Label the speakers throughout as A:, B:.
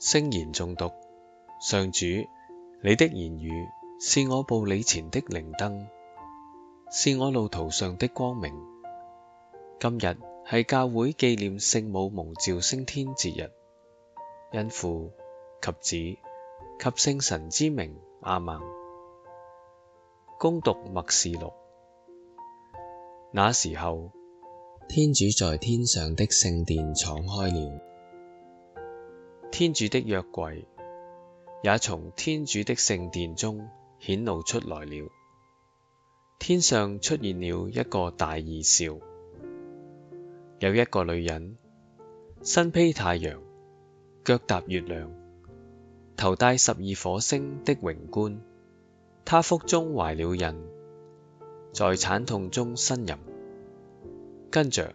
A: 聖言誦讀，上主，你的言語是我步履前的靈燈，是我路途上的光明。今日係教會紀念聖母蒙召升天節日，因父及子及聖神之名，阿們。恭讀默示錄。那時候，天主在天上的聖殿敞開了。天主的約櫃也從天主的聖殿中顯露出來了。天上出現了一個大異兆，有一個女人身披太陽，腳踏月亮，頭戴十二火星十二顆星的榮冠，她腹中懷了孕，在產痛中呻吟。跟着，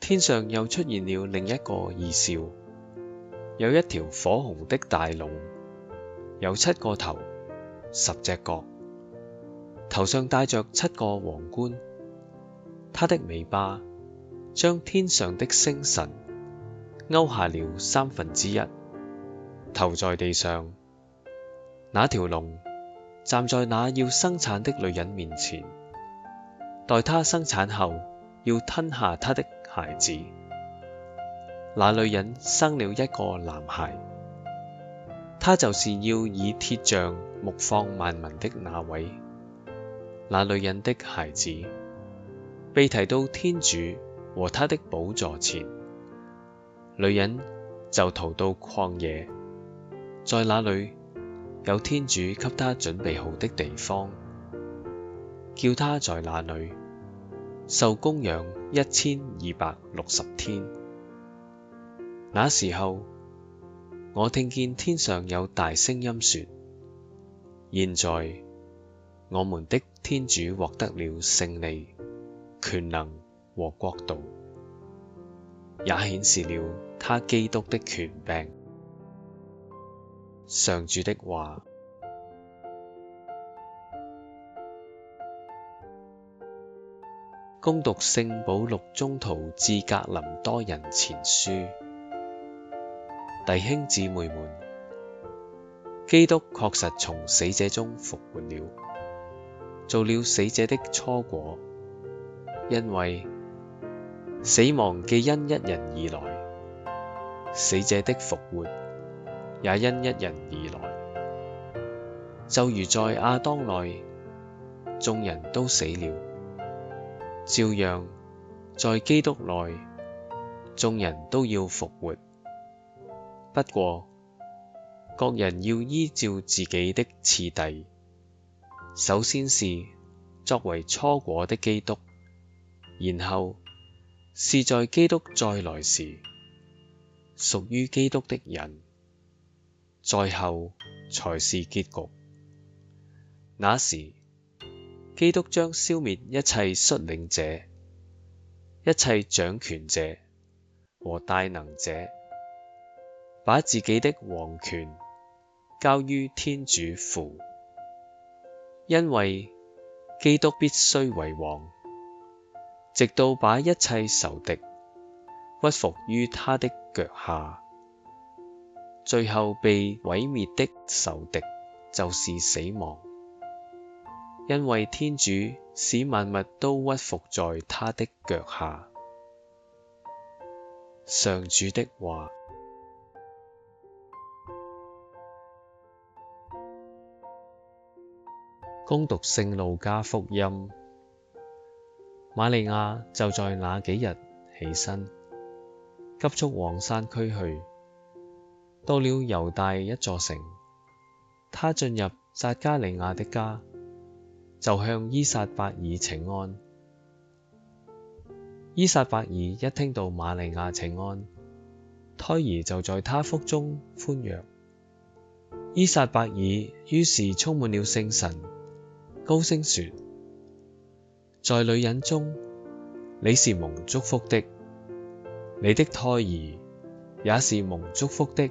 A: 天上又出現了另一個異兆。.有一條火紅的大龍，有七個頭、十隻角，頭上戴着七個王冠。它的尾巴將天上的星辰勾下了三分之一，投在地上。那條龍站在那要生產的女人面前，待她生產後，要吞下她的孩子。那女人生了一個男孩，他就是要以鐵杖牧放萬民的那位。那女人的孩子被提到天主和他的寶座前，女人就逃到曠野，在那裡有天主給她準備好的地方，叫她在那裡受供養一千二百六十天。那時候，我聽見天上有大聲音說：現在，我們的天主獲得了勝利、權能和國度，也顯示了他基督的權柄。上主的話。恭讀聖保祿宗徒致格林多人前書。弟兄姊妹們，基督確實從死者中復活了，做了死者的初果，因為死亡既因一人而來，死者的復活也因一人而來。就如在亞當內，眾人都死了，照樣，在基督內，眾人都要復活。不過，各人要依照自己的次第。首先是作為初果的基督，然後是在基督再來時，屬於基督的人，再後才是結局。那時，基督將消滅一切率領者、一切掌權者和大能者。把自己的王權交於天主父，因為基督必須為王，直到把一切仇敵屈伏於他的腳下。最後被毀滅的仇敵就是死亡，因為天主使萬物都屈伏在他的腳下。上主的話。恭讀《聖路加福音》，瑪利亞就在那幾日起身，急速往山區去。到了猶大一座城，她進入匝加利亞的家，就向依撒伯爾請安。依撒伯爾一聽到瑪利亞請安，胎兒就在她腹中歡躍。依撒伯爾於是充滿了聖神。高聲説：在女人中，你是蒙祝福的，你的胎兒也是蒙祝福的。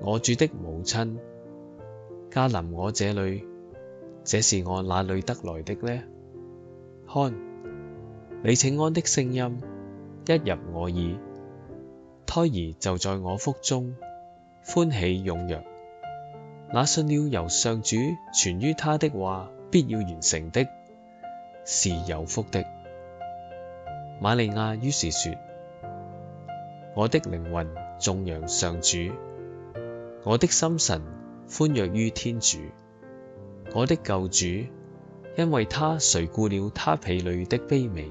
A: 我主的母親駕臨我這裏，這是我哪裏得來的呢？看，你請安的聲音一入我耳，胎兒就在我腹中歡喜踴躍。那信了由上主傳於他的話，必要完成的，是有福的。瑪利亞於是說：我的靈魂頌揚上主，我的心神歡躍於天主，我的救主，因為他垂顧了他婢女的卑微，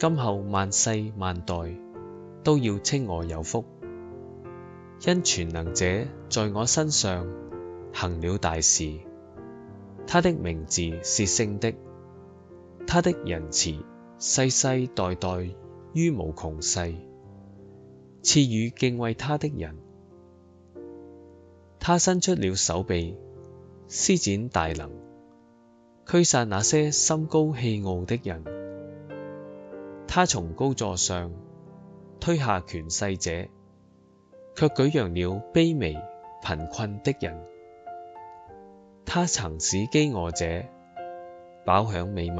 A: 今後萬世萬代都要稱我有福。因全能者在我身上行了大事，他的名字是聖的，他的仁慈世世代代於無窮世，賜與敬畏他的人。他伸出了手臂，施展大能，驅散那些心高氣傲的人。他從高座上推下權勢者。卻舉揚了卑微貧困的人，他曾使飢餓者飽享美物，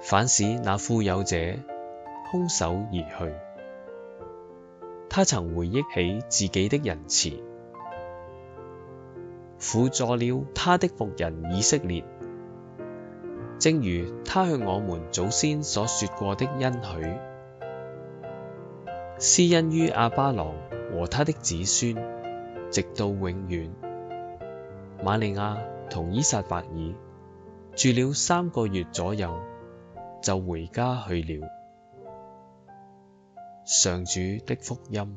A: 反使那富有者空手而去。他曾回憶起自己的仁慈，輔助了他的僕人以色列，正如他向我們祖先所說過的恩許，施恩於亞巴郎。和他的子孫，直到永遠。瑪利亞同依撒伯爾住了三個月左右，就回家去了。上主的福音。